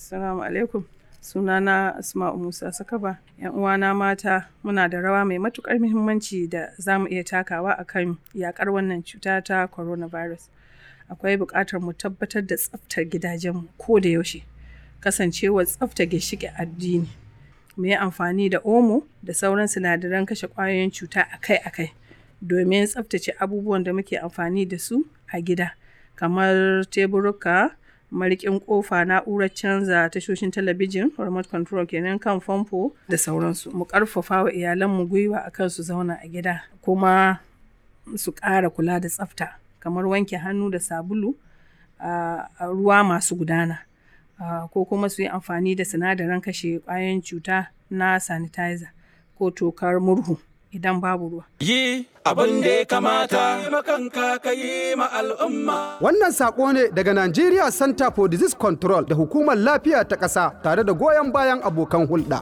Assalamu alaikum. Sunana Asma'u Musa Sakaba. ‘Yan uwana mata muna da rawa mai matukar muhimmanci da za mu iya takawa a kan yaƙar wannan cuta ta coronavirus. Akwai buƙatar mu tabbatar da tsaftar gidajenmu ko da yaushe. Kasancewar tsafta ginshiƙi addini. Mu yi amfani da omo da sauran sinadaran kashe kwayoyin cuta akai-akai domin tsaftace abubuwan da muke amfani da su a gida kamar teburuka, marikin kofa na'urar canza tashoshin talabijin remote control kenan kan famfo da sauransu mu karfafa wa iyalan mu gwiwa a kan su zauna a gida kuma su ƙara kula da tsafta kamar wanke hannu da sabulu a ah, ruwa masu gudana ah, ko kuma su yi amfani da sinadaran kashe ƙwayoyin cuta na sanitizer ko tokar murhu idan babu ruwa. Yi abin da ya kamata makanka ka yi ma al'umma. Wannan saƙo ne daga Nigeria Center for Disease Control da Hukumar Lafiya ta ƙasa tare da goyon bayan abokan hulɗa.